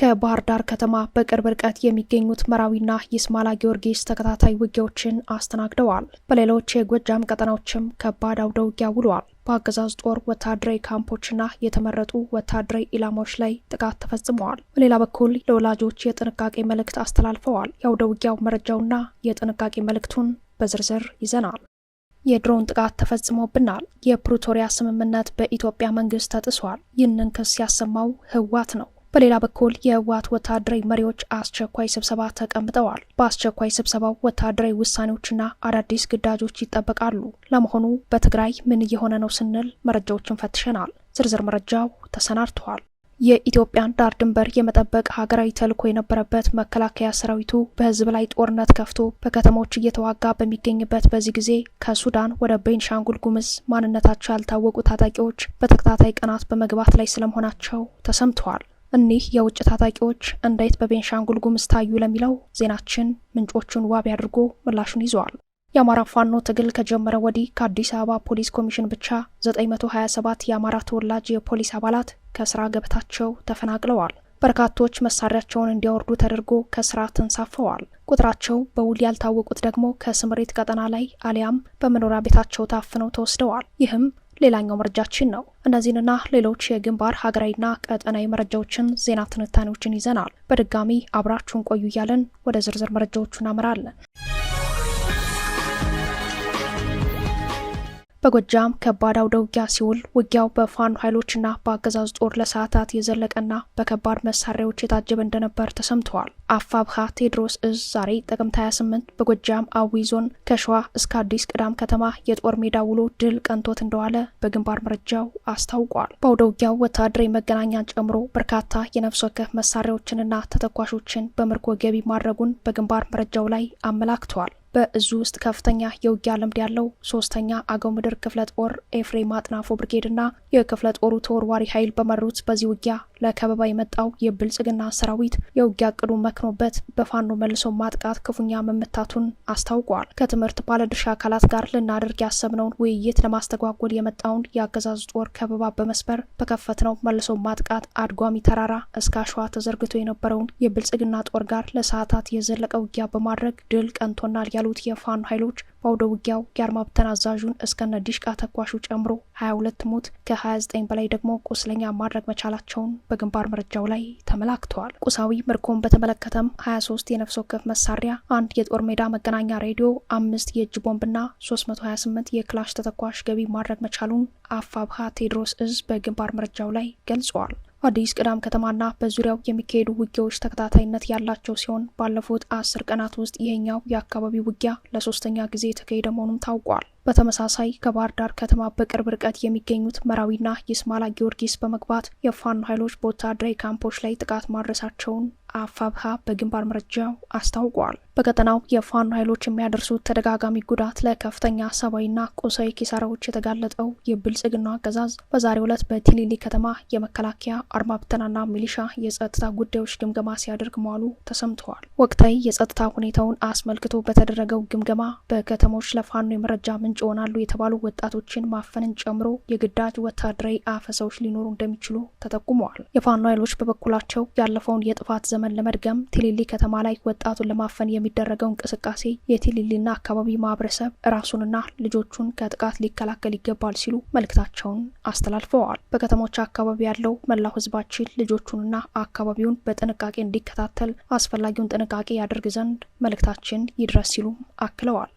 ከባህር ዳር ከተማ በቅርብ ርቀት የሚገኙት መራዊና ይስማላ ጊዮርጊስ ተከታታይ ውጊያዎችን አስተናግደዋል። በሌሎች የጎጃም ቀጠናዎችም ከባድ አውደ ውጊያ ውሏል። በአገዛዝ ጦር ወታደራዊ ካምፖችና የተመረጡ ወታደራዊ ኢላማዎች ላይ ጥቃት ተፈጽመዋል። በሌላ በኩል ለወላጆች የጥንቃቄ መልእክት አስተላልፈዋል። የአውደ ውጊያው መረጃውና የጥንቃቄ መልእክቱን በዝርዝር ይዘናል። የድሮን ጥቃት ተፈጽሞብናል፣ የፕሪቶሪያ ስምምነት በኢትዮጵያ መንግስት ተጥሷል፣ ይህንን ክስ ያሰማው ህወሓት ነው በሌላ በኩል የህወሓት ወታደራዊ መሪዎች አስቸኳይ ስብሰባ ተቀምጠዋል። በአስቸኳይ ስብሰባው ወታደራዊ ውሳኔዎችና አዳዲስ ግዳጆች ይጠበቃሉ። ለመሆኑ በትግራይ ምን እየሆነ ነው ስንል መረጃዎችን ፈትሸናል። ዝርዝር መረጃው ተሰናድተዋል። የኢትዮጵያን ዳር ድንበር የመጠበቅ ሀገራዊ ተልዕኮ የነበረበት መከላከያ ሰራዊቱ በህዝብ ላይ ጦርነት ከፍቶ በከተሞች እየተዋጋ በሚገኝበት በዚህ ጊዜ ከሱዳን ወደ ቤንሻንጉል ጉምዝ ማንነታቸው ያልታወቁ ታጣቂዎች በተከታታይ ቀናት በመግባት ላይ ስለመሆናቸው ተሰምተዋል። እኒህ የውጭ ታጣቂዎች እንዴት በቤንሻንጉል ጉሙዝ ታዩ ለሚለው ዜናችን ምንጮቹን ዋቢ አድርጎ ምላሹን ይዘዋል። የአማራ ፋኖ ትግል ከጀመረ ወዲህ ከአዲስ አበባ ፖሊስ ኮሚሽን ብቻ 927 የአማራ ተወላጅ የፖሊስ አባላት ከስራ ገበታቸው ተፈናቅለዋል። በርካቶች መሳሪያቸውን እንዲያወርዱ ተደርጎ ከስራ ተንሳፈዋል። ቁጥራቸው በውል ያልታወቁት ደግሞ ከስምሪት ቀጠና ላይ አሊያም በመኖሪያ ቤታቸው ታፍነው ተወስደዋል። ይህም ሌላኛው መረጃችን ነው። እነዚህንና ሌሎች የግንባር ሀገራዊና ቀጠናዊ መረጃዎችን፣ ዜና ትንታኔዎችን ይዘናል። በድጋሚ አብራችሁን ቆዩ እያለን ወደ ዝርዝር መረጃዎቹ እናመራለን። በጎጃም ከባድ አውደ ውጊያ ሲውል ውጊያው በፋኖ ኃይሎችና በአገዛዝ ጦር ለሰዓታት የዘለቀና በከባድ መሳሪያዎች የታጀበ እንደነበር ተሰምተዋል። አፋብሃ ቴዎድሮስ እዝ ዛሬ ጥቅምት 28 በጎጃም አዊ ዞን ከሸዋ እስከ አዲስ ቅዳም ከተማ የጦር ሜዳ ውሎ ድል ቀንቶት እንደዋለ በግንባር መረጃው አስታውቋል። በአውደ ውጊያው ወታደራዊ መገናኛን ጨምሮ በርካታ የነፍስ ወከፍ መሳሪያዎችንና ተተኳሾችን በምርኮ ገቢ ማድረጉን በግንባር መረጃው ላይ አመላክተዋል። በእዙ ውስጥ ከፍተኛ የውጊያ ልምድ ያለው ሶስተኛ አገው ምድር ክፍለ ጦር ኤፍሬም አጥናፎ ብርጌድና የክፍለ ጦሩ ተወርዋሪ ኃይል በመሩት በዚህ ውጊያ ለከበባ የመጣው የብልጽግና ሰራዊት የውጊያ እቅዱ መክኖበት በፋኖ መልሶ ማጥቃት ክፉኛ መመታቱን አስታውቋል። ከትምህርት ባለድርሻ አካላት ጋር ልናደርግ ያሰብነውን ውይይት ለማስተጓጎል የመጣውን የአገዛዙ ጦር ከበባ በመስበር በከፈትነው መልሶ ማጥቃት አድጓሚ ተራራ እስከ አሸዋ ተዘርግቶ የነበረውን የብልጽግና ጦር ጋር ለሰዓታት የዘለቀ ውጊያ በማድረግ ድል ቀንቶናል ያሉት የፋኖ ኃይሎች በአውደ ውጊያው የአድማ ብተና አዛዡን እስከነ ዲሽቃ ተኳሹ ጨምሮ 22 ሞት ከ29 በላይ ደግሞ ቁስለኛ ማድረግ መቻላቸውን በግንባር መረጃው ላይ ተመላክተዋል። ቁሳዊ ምርኮን በተመለከተም 23 የነፍስ ወከፍ መሳሪያ፣ አንድ የጦር ሜዳ መገናኛ ሬዲዮ፣ አምስት የእጅ ቦምብና 328 የክላሽ ተተኳሽ ገቢ ማድረግ መቻሉን አፋብሃ ቴዎድሮስ እዝ በግንባር መረጃው ላይ ገልጸዋል። አዲስ ቅዳም ከተማና በዙሪያው የሚካሄዱ ውጊያዎች ተከታታይነት ያላቸው ሲሆን ባለፉት አስር ቀናት ውስጥ ይሄኛው የአካባቢ ውጊያ ለሶስተኛ ጊዜ የተካሄደ መሆኑም ታውቋል። በተመሳሳይ ከባህር ዳር ከተማ በቅርብ ርቀት የሚገኙት መራዊና ይስማላ ጊዮርጊስ በመግባት የፋኖ ኃይሎች በወታደራዊ ካምፖች ላይ ጥቃት ማድረሳቸውን አፋብሃ በግንባር መረጃው አስታውቋል። በቀጠናው የፋኖ ኃይሎች የሚያደርሱት ተደጋጋሚ ጉዳት ለከፍተኛ ሰብአዊና ቁሳዊ ኪሳራዎች የተጋለጠው የብልጽግና አገዛዝ በዛሬው ዕለት በቲሊሊ ከተማ የመከላከያ አርማብተናና ብተናና ሚሊሻ የጸጥታ ጉዳዮች ግምገማ ሲያደርግ መዋሉ ተሰምተዋል። ወቅታዊ የጸጥታ ሁኔታውን አስመልክቶ በተደረገው ግምገማ በከተሞች ለፋኖ የመረጃ ምንጭ ይሆናሉ የተባሉ ወጣቶችን ማፈንን ጨምሮ የግዳጅ ወታደራዊ አፈሳዎች ሊኖሩ እንደሚችሉ ተጠቁመዋል። የፋኖ ኃይሎች በበኩላቸው ያለፈውን የጥፋት ዘመን ዘመን ለመድገም ቲሊሊ ከተማ ላይ ወጣቱን ለማፈን የሚደረገው እንቅስቃሴ የቲሊሊና አካባቢ ማህበረሰብ ራሱንና ልጆቹን ከጥቃት ሊከላከል ይገባል ሲሉ መልእክታቸውን አስተላልፈዋል። በከተሞች አካባቢ ያለው መላው ህዝባችን ልጆቹንና አካባቢውን በጥንቃቄ እንዲከታተል አስፈላጊውን ጥንቃቄ ያደርግ ዘንድ መልእክታችን ይድረስ ሲሉ አክለዋል።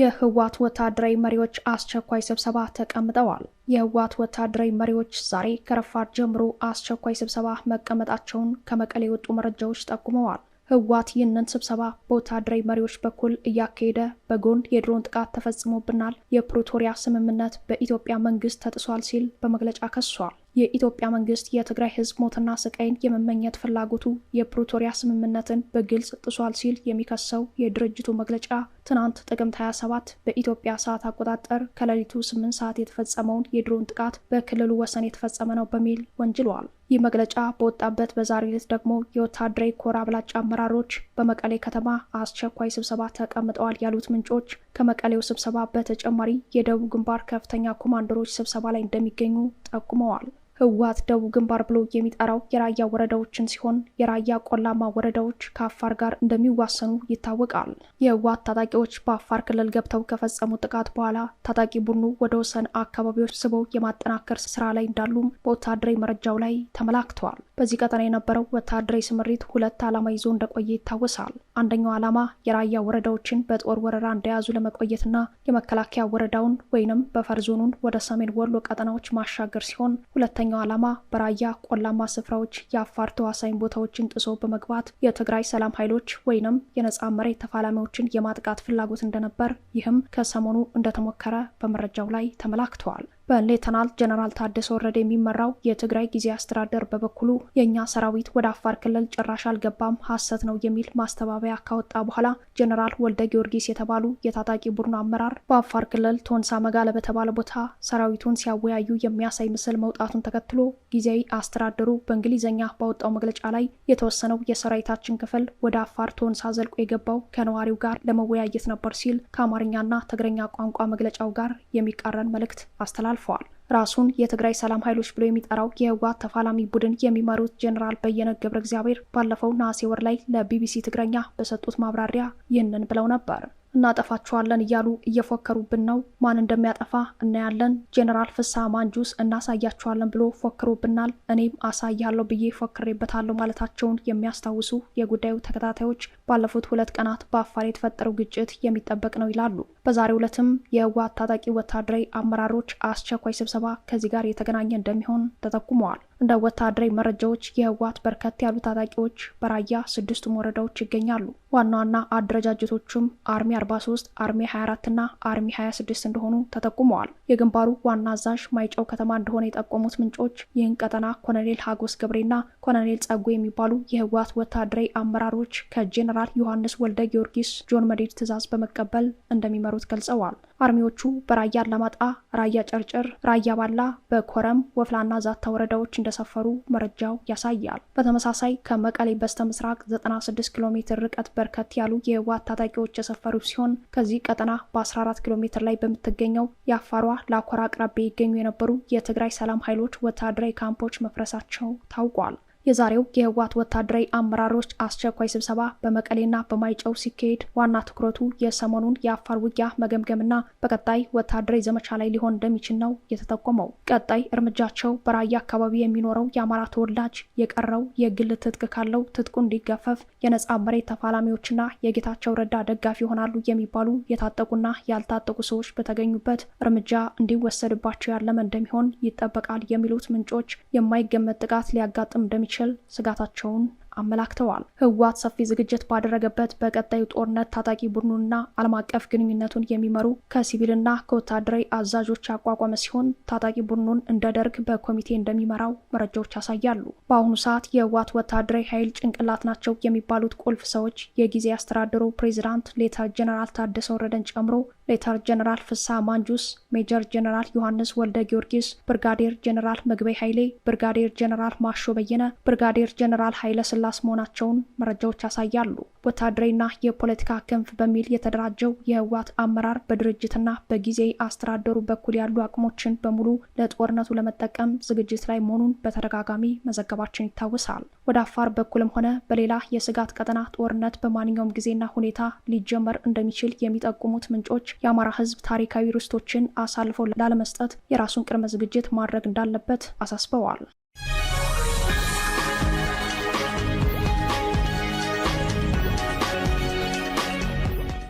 የህወሓት ወታደራዊ መሪዎች አስቸኳይ ስብሰባ ተቀምጠዋል። የህወሓት ወታደራዊ መሪዎች ዛሬ ከረፋድ ጀምሮ አስቸኳይ ስብሰባ መቀመጣቸውን ከመቀሌ የወጡ መረጃዎች ጠቁመዋል። ህወሓት ይህንን ስብሰባ በወታደራዊ መሪዎች በኩል እያካሄደ በጎን የድሮን ጥቃት ተፈጽሞብናል፣ የፕሪቶሪያ ስምምነት በኢትዮጵያ መንግስት ተጥሷል ሲል በመግለጫ ከሷል። የኢትዮጵያ መንግስት የትግራይ ህዝብ ሞትና ስቃይን የመመኘት ፍላጎቱ የፕሪቶሪያ ስምምነትን በግልጽ ጥሷል ሲል የሚከሰው የድርጅቱ መግለጫ ትናንት ጥቅምት 27 በኢትዮጵያ ሰዓት አቆጣጠር ከሌሊቱ 8 ሰዓት የተፈጸመውን የድሮን ጥቃት በክልሉ ወሰን የተፈጸመ ነው በሚል ወንጅለዋል። ይህ መግለጫ በወጣበት በዛሬ ዕለት ደግሞ የወታደራዊ ኮር አብላጭ አመራሮች በመቀሌ ከተማ አስቸኳይ ስብሰባ ተቀምጠዋል ያሉት ምንጮች ከመቀሌው ስብሰባ በተጨማሪ የደቡብ ግንባር ከፍተኛ ኮማንደሮች ስብሰባ ላይ እንደሚገኙ ጠቁመዋል። ህወሓት ደቡብ ግንባር ብሎ የሚጠራው የራያ ወረዳዎችን ሲሆን የራያ ቆላማ ወረዳዎች ከአፋር ጋር እንደሚዋሰኑ ይታወቃል። የህወሓት ታጣቂዎች በአፋር ክልል ገብተው ከፈጸሙ ጥቃት በኋላ ታጣቂ ቡድኑ ወደ ወሰን አካባቢዎች ስበው የማጠናከር ስራ ላይ እንዳሉም በወታደራዊ መረጃው ላይ ተመላክተዋል። በዚህ ቀጠና የነበረው ወታደራዊ ስምሪት ሁለት ዓላማ ይዞ እንደቆየ ይታወሳል። አንደኛው ዓላማ የራያ ወረዳዎችን በጦር ወረራ እንደያዙ ለመቆየትና የመከላከያ ወረዳውን ወይንም በፈር ዞኑን ወደ ሰሜን ወሎ ቀጠናዎች ማሻገር ሲሆን ሁለተ ሁለተኛው ዓላማ በራያ ቆላማ ስፍራዎች የአፋር ተዋሳኝ ቦታዎችን ጥሶ በመግባት የትግራይ ሰላም ኃይሎች ወይንም የነፃ መሬት ተፋላሚዎችን የማጥቃት ፍላጎት እንደነበር ይህም ከሰሞኑ እንደተሞከረ በመረጃው ላይ ተመላክተዋል። በሌተናል ጀነራል ታደሰ ወረደ የሚመራው የትግራይ ጊዜ አስተዳደር በበኩሉ የእኛ ሰራዊት ወደ አፋር ክልል ጭራሽ አልገባም፣ ሀሰት ነው የሚል ማስተባበያ ካወጣ በኋላ ጀነራል ወልደ ጊዮርጊስ የተባሉ የታጣቂ ቡድኑ አመራር በአፋር ክልል ቶንሳ መጋለ በተባለ ቦታ ሰራዊቱን ሲያወያዩ የሚያሳይ ምስል መውጣቱን ተከትሎ ጊዜያዊ አስተዳደሩ በእንግሊዝኛ ባወጣው መግለጫ ላይ የተወሰነው የሰራዊታችን ክፍል ወደ አፋር ቶንሳ ዘልቆ የገባው ከነዋሪው ጋር ለመወያየት ነበር ሲል ከአማርኛና ትግረኛ ቋንቋ መግለጫው ጋር የሚቃረን መልእክት አስተላል አልፈዋል። ራሱን የትግራይ ሰላም ኃይሎች ብሎ የሚጠራው የህወሓት ተፋላሚ ቡድን የሚመሩት ጀኔራል በየነ ገብረ እግዚአብሔር ባለፈው ነሐሴ ወር ላይ ለቢቢሲ ትግረኛ በሰጡት ማብራሪያ ይህንን ብለው ነበር። እናጠፋችኋለን እያሉ እየፎከሩብን ነው። ማን እንደሚያጠፋ እናያለን። ጄኔራል ፍሳ ማንጁስ እናሳያችኋለን ብሎ ፎክሮብናል። እኔም አሳያለሁ ብዬ ፎክሬበታለሁ ማለታቸውን የሚያስታውሱ የጉዳዩ ተከታታዮች ባለፉት ሁለት ቀናት በአፋር የተፈጠረው ግጭት የሚጠበቅ ነው ይላሉ። በዛሬው ዕለትም የህወሓት ታጣቂ ወታደራዊ አመራሮች አስቸኳይ ስብሰባ ከዚህ ጋር የተገናኘ እንደሚሆን ተጠቁመዋል። እንደ ወታደራዊ መረጃዎች የህወሓት በርከት ያሉ ታጣቂዎች በራያ ስድስቱም ወረዳዎች ይገኛሉ። ዋና ዋና አደረጃጀቶቹም አርሚ 43፣ አርሚ 24 እና አርሚ 26 እንደሆኑ ተጠቁመዋል። የግንባሩ ዋና አዛዥ ማይጨው ከተማ እንደሆነ የጠቆሙት ምንጮች ይህን ቀጠና ኮሎኔል ሀጎስ ገብሬና ኮሎኔል ጸጉ የሚባሉ የህወሓት ወታደራዊ አመራሮች ከጄኔራል ዮሐንስ ወልደ ጊዮርጊስ ጆን መዴድ ትዕዛዝ በመቀበል እንደሚመሩት ገልጸዋል። አርሚዎቹ በራያ አላማጣ፣ ራያ ጨርጭር፣ ራያ ባላ፣ በኮረም ወፍላና ዛታ ወረዳዎች እንደሰፈሩ መረጃው ያሳያል። በተመሳሳይ ከመቀሌ በስተ ምስራቅ 96 ኪሎ ሜትር ርቀት በርከት ያሉ የህወሓት ታጣቂዎች የሰፈሩ ሲሆን ከዚህ ቀጠና በ14 ኪሎ ሜትር ላይ በምትገኘው የአፋሯ ላኮራ አቅራቢያ ይገኙ የነበሩ የትግራይ ሰላም ኃይሎች ወታደራዊ ካምፖች መፍረሳቸው ታውቋል። የዛሬው የህወሓት ወታደራዊ አመራሮች አስቸኳይ ስብሰባ በመቀሌና በማይጨው ሲካሄድ ዋና ትኩረቱ የሰሞኑን የአፋር ውጊያ መገምገምና በቀጣይ ወታደራዊ ዘመቻ ላይ ሊሆን እንደሚችል ነው የተጠቆመው። ቀጣይ እርምጃቸው በራያ አካባቢ የሚኖረው የአማራ ተወላጅ የቀረው የግል ትጥቅ ካለው ትጥቁ እንዲገፈፍ፣ የነጻ መሬት ተፋላሚዎችና የጌታቸው ረዳ ደጋፊ ይሆናሉ የሚባሉ የታጠቁና ያልታጠቁ ሰዎች በተገኙበት እርምጃ እንዲወሰድባቸው ያለመ እንደሚሆን ይጠበቃል የሚሉት ምንጮች የማይገመት ጥቃት ሊያጋጥም እንደሚችል እንደሚችል ስጋታቸውን አመላክተዋል። ህወሓት ሰፊ ዝግጅት ባደረገበት በቀጣዩ ጦርነት ታጣቂ ቡድኑንና ዓለም አቀፍ ግንኙነቱን የሚመሩ ከሲቪልና ከወታደራዊ አዛዦች ያቋቋመ ሲሆን ታጣቂ ቡድኑን እንደ ደርግ በኮሚቴ እንደሚመራው መረጃዎች ያሳያሉ። በአሁኑ ሰዓት የህወሓት ወታደራዊ ኃይል ጭንቅላት ናቸው የሚባሉት ቁልፍ ሰዎች የጊዜ አስተዳደሩ ፕሬዚዳንት ሌተር ጀነራል ታደሰ ወረደን ጨምሮ ሌተር ጀነራል ፍሳ ማንጁስ፣ ሜጀር ጀነራል ዮሐንስ ወልደ ጊዮርጊስ፣ ብርጋዴር ጀነራል ምግበይ ኃይሌ፣ ብርጋዴር ጀነራል ማሾ በየነ፣ ብርጋዴር ጀነራል ኃይለ ስላ ባልደላስ መሆናቸውን መረጃዎች ያሳያሉ። ወታደራዊና የፖለቲካ ክንፍ በሚል የተደራጀው የህወሓት አመራር በድርጅትና በጊዜ አስተዳደሩ በኩል ያሉ አቅሞችን በሙሉ ለጦርነቱ ለመጠቀም ዝግጅት ላይ መሆኑን በተደጋጋሚ መዘገባችን ይታወሳል። ወደ አፋር በኩልም ሆነ በሌላ የስጋት ቀጠና ጦርነት በማንኛውም ጊዜና ሁኔታ ሊጀመር እንደሚችል የሚጠቁሙት ምንጮች የአማራ ህዝብ ታሪካዊ ርስቶችን አሳልፎ ላለመስጠት የራሱን ቅድመ ዝግጅት ማድረግ እንዳለበት አሳስበዋል።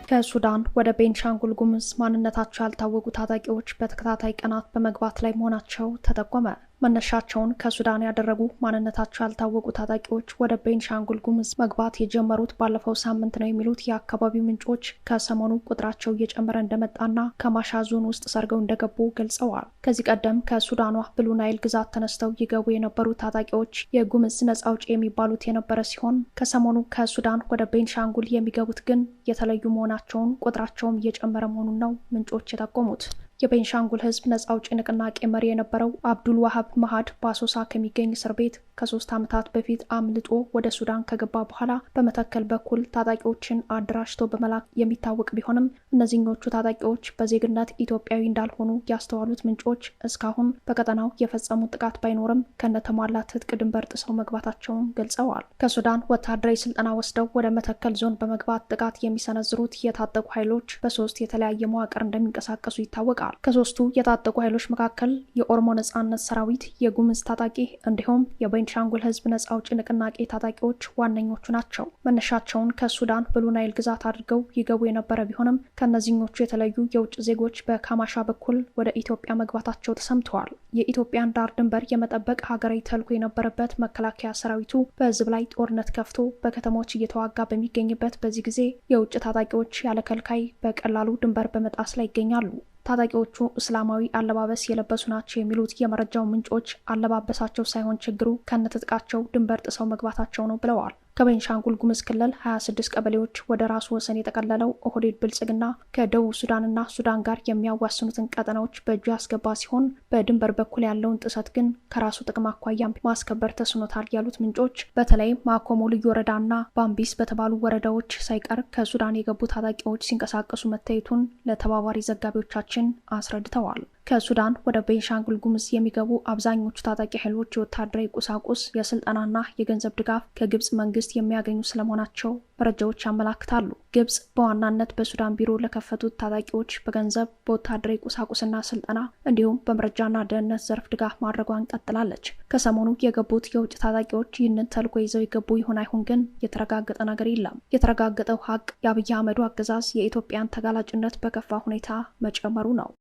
ከሱዳን ወደ ቤንሻንጉል ጉምዝ ማንነታቸው ያልታወቁ ታጣቂዎች በተከታታይ ቀናት በመግባት ላይ መሆናቸው ተጠቆመ። መነሻቸውን ከሱዳን ያደረጉ ማንነታቸው ያልታወቁ ታጣቂዎች ወደ ቤንሻንጉል ጉምዝ መግባት የጀመሩት ባለፈው ሳምንት ነው የሚሉት የአካባቢው ምንጮች ከሰሞኑ ቁጥራቸው እየጨመረ እንደመጣና ከማሻ ዞን ውስጥ ሰርገው እንደገቡ ገልጸዋል። ከዚህ ቀደም ከሱዳኗ ብሉ ናይል ግዛት ተነስተው ይገቡ የነበሩ ታጣቂዎች የጉምዝ ነጻ አውጪ የሚባሉት የነበረ ሲሆን ከሰሞኑ ከሱዳን ወደ ቤንሻንጉል የሚገቡት ግን የተለዩ መሆናቸውን ቁጥራቸውም እየጨመረ መሆኑን ነው ምንጮች የጠቆሙት። የቤንሻንጉል ህዝብ ነጻ አውጪ ንቅናቄ መሪ የነበረው አብዱል ዋሃብ መሃድ በአሶሳ ከሚገኝ እስር ቤት ከሶስት ዓመታት በፊት አምልጦ ወደ ሱዳን ከገባ በኋላ በመተከል በኩል ታጣቂዎችን አደራጅቶ በመላክ የሚታወቅ ቢሆንም እነዚህኞቹ ታጣቂዎች በዜግነት ኢትዮጵያዊ እንዳልሆኑ ያስተዋሉት ምንጮች እስካሁን በቀጠናው የፈጸሙት ጥቃት ባይኖርም ከነተሟላ ትጥቅ ድንበር ጥሰው መግባታቸውን ገልጸዋል። ከሱዳን ወታደራዊ ስልጠና ወስደው ወደ መተከል ዞን በመግባት ጥቃት የሚሰነዝሩት የታጠቁ ኃይሎች በሶስት የተለያየ መዋቅር እንደሚንቀሳቀሱ ይታወቃል። ከሶስቱ የታጠቁ ኃይሎች መካከል የኦሮሞ ነጻነት ሰራዊት፣ የጉምዝ ታጣቂ እንዲሁም የቤንሻንጉል ህዝብ ነጻ አውጪ ንቅናቄ ታጣቂዎች ዋነኞቹ ናቸው። መነሻቸውን ከሱዳን ብሉናይል ግዛት አድርገው ይገቡ የነበረ ቢሆንም ከእነዚህኞቹ የተለዩ የውጭ ዜጎች በካማሻ በኩል ወደ ኢትዮጵያ መግባታቸው ተሰምተዋል። የኢትዮጵያን ዳር ድንበር የመጠበቅ ሀገራዊ ተልዕኮ የነበረበት መከላከያ ሰራዊቱ በህዝብ ላይ ጦርነት ከፍቶ በከተሞች እየተዋጋ በሚገኝበት በዚህ ጊዜ የውጭ ታጣቂዎች ያለ ከልካይ በቀላሉ ድንበር በመጣስ ላይ ይገኛሉ። ታጣቂዎቹ እስላማዊ አለባበስ የለበሱ ናቸው የሚሉት የመረጃው ምንጮች አለባበሳቸው ሳይሆን ችግሩ ከነትጥቃቸው ድንበር ጥሰው መግባታቸው ነው ብለዋል። ከቤንሻንጉል ጉሙዝ ክልል 26 ቀበሌዎች ወደ ራሱ ወሰን የጠቀለለው ኦህዴድ ብልጽግና ከደቡብ ሱዳንና ሱዳን ጋር የሚያዋስኑትን ቀጠናዎች በእጁ ያስገባ ሲሆን በድንበር በኩል ያለውን ጥሰት ግን ከራሱ ጥቅም አኳያም ማስከበር ተስኖታል ያሉት ምንጮች በተለይም ማኮሞ ልዩ ወረዳና ባምቢስ በተባሉ ወረዳዎች ሳይቀር ከሱዳን የገቡ ታጣቂዎች ሲንቀሳቀሱ መታየቱን ለተባባሪ ዘጋቢዎቻችን አስረድተዋል። ከሱዳን ወደ ቤንሻንጉል ጉምዝ የሚገቡ አብዛኞቹ ታጣቂ ኃይሎች የወታደራዊ ቁሳቁስ የስልጠናና የገንዘብ ድጋፍ ከግብፅ መንግስት የሚያገኙ ስለመሆናቸው መረጃዎች ያመላክታሉ። ግብፅ በዋናነት በሱዳን ቢሮ ለከፈቱት ታጣቂዎች በገንዘብ በወታደራዊ ቁሳቁስና ስልጠና እንዲሁም በመረጃና ደህንነት ዘርፍ ድጋፍ ማድረጓን ቀጥላለች። ከሰሞኑ የገቡት የውጭ ታጣቂዎች ይህንን ተልዕኮ ይዘው የገቡ ይሆን አይሁን ግን የተረጋገጠ ነገር የለም። የተረጋገጠው ሀቅ የአብይ አህመዱ አገዛዝ የኢትዮጵያን ተጋላጭነት በከፋ ሁኔታ መጨመሩ ነው።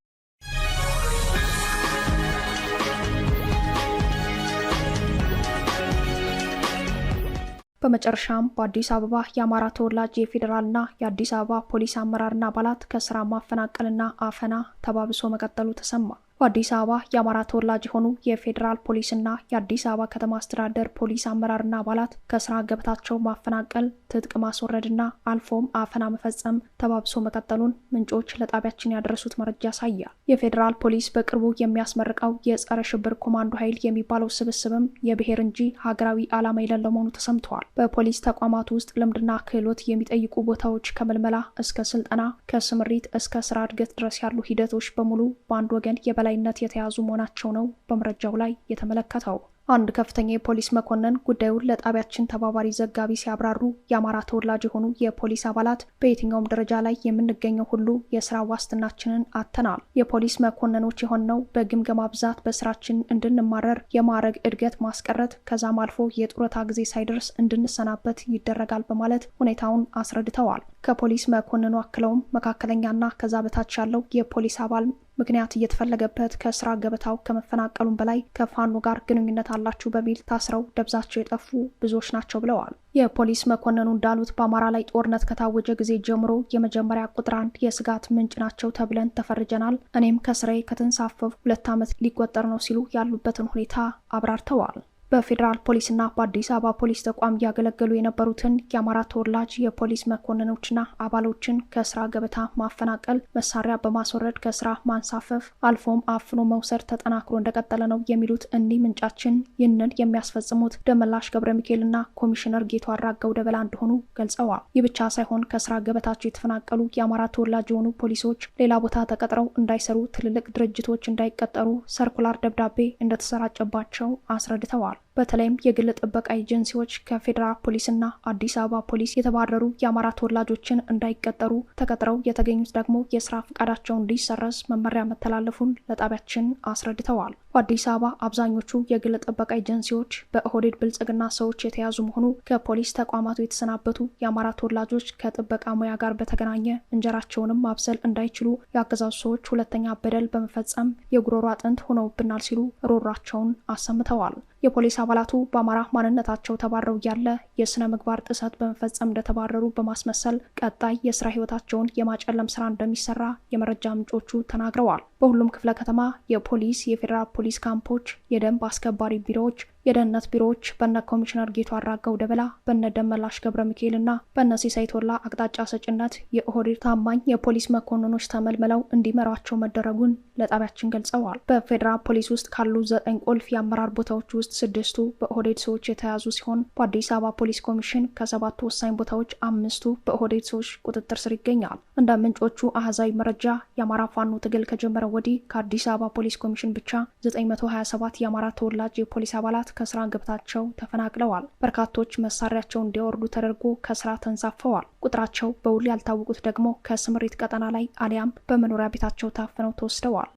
በመጨረሻም በአዲስ አበባ የአማራ ተወላጅ የፌዴራልና የአዲስ አበባ ፖሊስ አመራርና አባላት ከስራ ማፈናቀልና አፈና ተባብሶ መቀጠሉ ተሰማ። በአዲስ አበባ የአማራ ተወላጅ የሆኑ የፌዴራል ፖሊስና የአዲስ አበባ ከተማ አስተዳደር ፖሊስ አመራርና አባላት ከስራ ገበታቸው ማፈናቀል፣ ትጥቅ ማስወረድና አልፎም አፈና መፈጸም ተባብሶ መቀጠሉን ምንጮች ለጣቢያችን ያደረሱት መረጃ ያሳያል። የፌዴራል ፖሊስ በቅርቡ የሚያስመርቀው የጸረ ሽብር ኮማንዶ ኃይል የሚባለው ስብስብም የብሔር እንጂ ሀገራዊ ዓላማ የሌለው መሆኑ ተሰምተዋል። በፖሊስ ተቋማት ውስጥ ልምድና ክህሎት የሚጠይቁ ቦታዎች ከምልመላ እስከ ስልጠና፣ ከስምሪት እስከ ስራ እድገት ድረስ ያሉ ሂደቶች በሙሉ በአንድ ወገን የበላይ በበላይነት የተያዙ መሆናቸው ነው በመረጃው ላይ የተመለከተው። አንድ ከፍተኛ የፖሊስ መኮንን ጉዳዩን ለጣቢያችን ተባባሪ ዘጋቢ ሲያብራሩ የአማራ ተወላጅ የሆኑ የፖሊስ አባላት በየትኛውም ደረጃ ላይ የምንገኘው ሁሉ የስራ ዋስትናችንን አጥተናል። የፖሊስ መኮንኖች የሆንነው በግምገማ ብዛት በስራችን እንድንማረር፣ የማዕረግ እድገት ማስቀረት፣ ከዛም አልፎ የጡረታ ጊዜ ሳይደርስ እንድንሰናበት ይደረጋል በማለት ሁኔታውን አስረድተዋል። ከፖሊስ መኮንኑ አክለውም መካከለኛና ከዛ በታች ያለው የፖሊስ አባል ምክንያት እየተፈለገበት ከስራ ገበታው ከመፈናቀሉም በላይ ከፋኖ ጋር ግንኙነት አላችሁ በሚል ታስረው ደብዛቸው የጠፉ ብዙዎች ናቸው ብለዋል። የፖሊስ መኮንኑ እንዳሉት በአማራ ላይ ጦርነት ከታወጀ ጊዜ ጀምሮ የመጀመሪያ ቁጥር አንድ የስጋት ምንጭ ናቸው ተብለን ተፈርጀናል። እኔም ከስራዬ ከተንሳፈፍ ሁለት ዓመት ሊቆጠር ነው ሲሉ ያሉበትን ሁኔታ አብራርተዋል። በፌዴራል ፖሊስና በአዲስ አበባ ፖሊስ ተቋም እያገለገሉ የነበሩትን የአማራ ተወላጅ የፖሊስ መኮንኖችና አባሎችን ከስራ ገበታ ማፈናቀል፣ መሳሪያ በማስወረድ ከስራ ማንሳፈፍ፣ አልፎም አፍኖ መውሰድ ተጠናክሮ እንደቀጠለ ነው የሚሉት እኒህ ምንጫችን ይህንን የሚያስፈጽሙት ደመላሽ ገብረ ሚካኤልና ኮሚሽነር ጌቱ አራጋው ደበላ እንደሆኑ ገልጸዋል። ይህ ብቻ ሳይሆን ከስራ ገበታቸው የተፈናቀሉ የአማራ ተወላጅ የሆኑ ፖሊሶች ሌላ ቦታ ተቀጥረው እንዳይሰሩ፣ ትልልቅ ድርጅቶች እንዳይቀጠሩ ሰርኩላር ደብዳቤ እንደተሰራጨባቸው አስረድተዋል። በተለይም የግል ጥበቃ ኤጀንሲዎች ከፌዴራል ፖሊስና አዲስ አበባ ፖሊስ የተባረሩ የአማራ ተወላጆችን እንዳይቀጠሩ፣ ተቀጥረው የተገኙት ደግሞ የስራ ፈቃዳቸው እንዲሰረዝ መመሪያ መተላለፉን ለጣቢያችን አስረድተዋል። በአዲስ አበባ አብዛኞቹ የግል ጥበቃ ኤጀንሲዎች በኦህዴድ ብልጽግና ሰዎች የተያዙ መሆኑ ከፖሊስ ተቋማቱ የተሰናበቱ የአማራ ተወላጆች ከጥበቃ ሙያ ጋር በተገናኘ እንጀራቸውንም ማብሰል እንዳይችሉ የአገዛዙ ሰዎች ሁለተኛ በደል በመፈጸም የጉሮሮ አጥንት ሆነውብናል ሲሉ ሮሯቸውን አሰምተዋል። የፖሊስ አባላቱ በአማራ ማንነታቸው ተባረው እያለ የስነ ምግባር ጥሰት በመፈጸም እንደተባረሩ በማስመሰል ቀጣይ የስራ ህይወታቸውን የማጨለም ስራ እንደሚሰራ የመረጃ ምንጮቹ ተናግረዋል። በሁሉም ክፍለ ከተማ የፖሊስ የፌዴራል ፖሊስ ካምፖች፣ የደንብ አስከባሪ ቢሮዎች የደህንነት ቢሮዎች በነ ኮሚሽነር ጌቱ አራጋው ደበላ፣ በነ ደመላሽ ገብረ ሚካኤል እና በነ ሲሳይ ቶላ አቅጣጫ ሰጭነት የኦህዴድ ታማኝ የፖሊስ መኮንኖች ተመልምለው እንዲመራቸው መደረጉን ለጣቢያችን ገልጸዋል። በፌዴራል ፖሊስ ውስጥ ካሉ ዘጠኝ ቁልፍ የአመራር ቦታዎች ውስጥ ስድስቱ በኦህዴድ ሰዎች የተያዙ ሲሆን በአዲስ አበባ ፖሊስ ኮሚሽን ከሰባቱ ወሳኝ ቦታዎች አምስቱ በኦህዴድ ሰዎች ቁጥጥር ስር ይገኛል። እንደ ምንጮቹ አህዛዊ መረጃ የአማራ ፋኖ ትግል ከጀመረ ወዲህ ከአዲስ አበባ ፖሊስ ኮሚሽን ብቻ 927 የአማራ ተወላጅ የፖሊስ አባላት ከስራ ግብታቸው ተፈናቅለዋል። በርካቶች መሳሪያቸውን እንዲያወርዱ ተደርጎ ከስራ ተንሳፈዋል። ቁጥራቸው በውል ያልታወቁት ደግሞ ከስምሪት ቀጠና ላይ አሊያም በመኖሪያ ቤታቸው ታፍነው ተወስደዋል።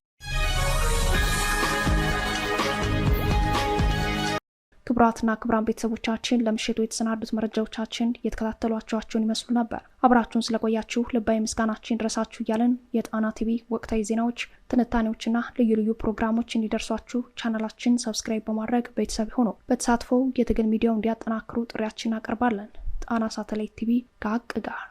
ክቡራትና ክቡራን ቤተሰቦቻችን ለምሽቱ የተሰናዱት መረጃዎቻችን የተከታተሏችኋቸውን ይመስሉ ነበር። አብራችሁን ስለቆያችሁ ልባዊ ምስጋናችን ድረሳችሁ እያለን የጣና ቲቪ ወቅታዊ ዜናዎች፣ ትንታኔዎችና ልዩ ልዩ ፕሮግራሞች እንዲደርሷችሁ ቻናላችን ሰብስክራይብ በማድረግ ቤተሰብ ሆኖ በተሳትፎ የትግል ሚዲያው እንዲያጠናክሩ ጥሪያችን አቀርባለን። ጣና ሳተላይት ቲቪ ከሀቅ ጋር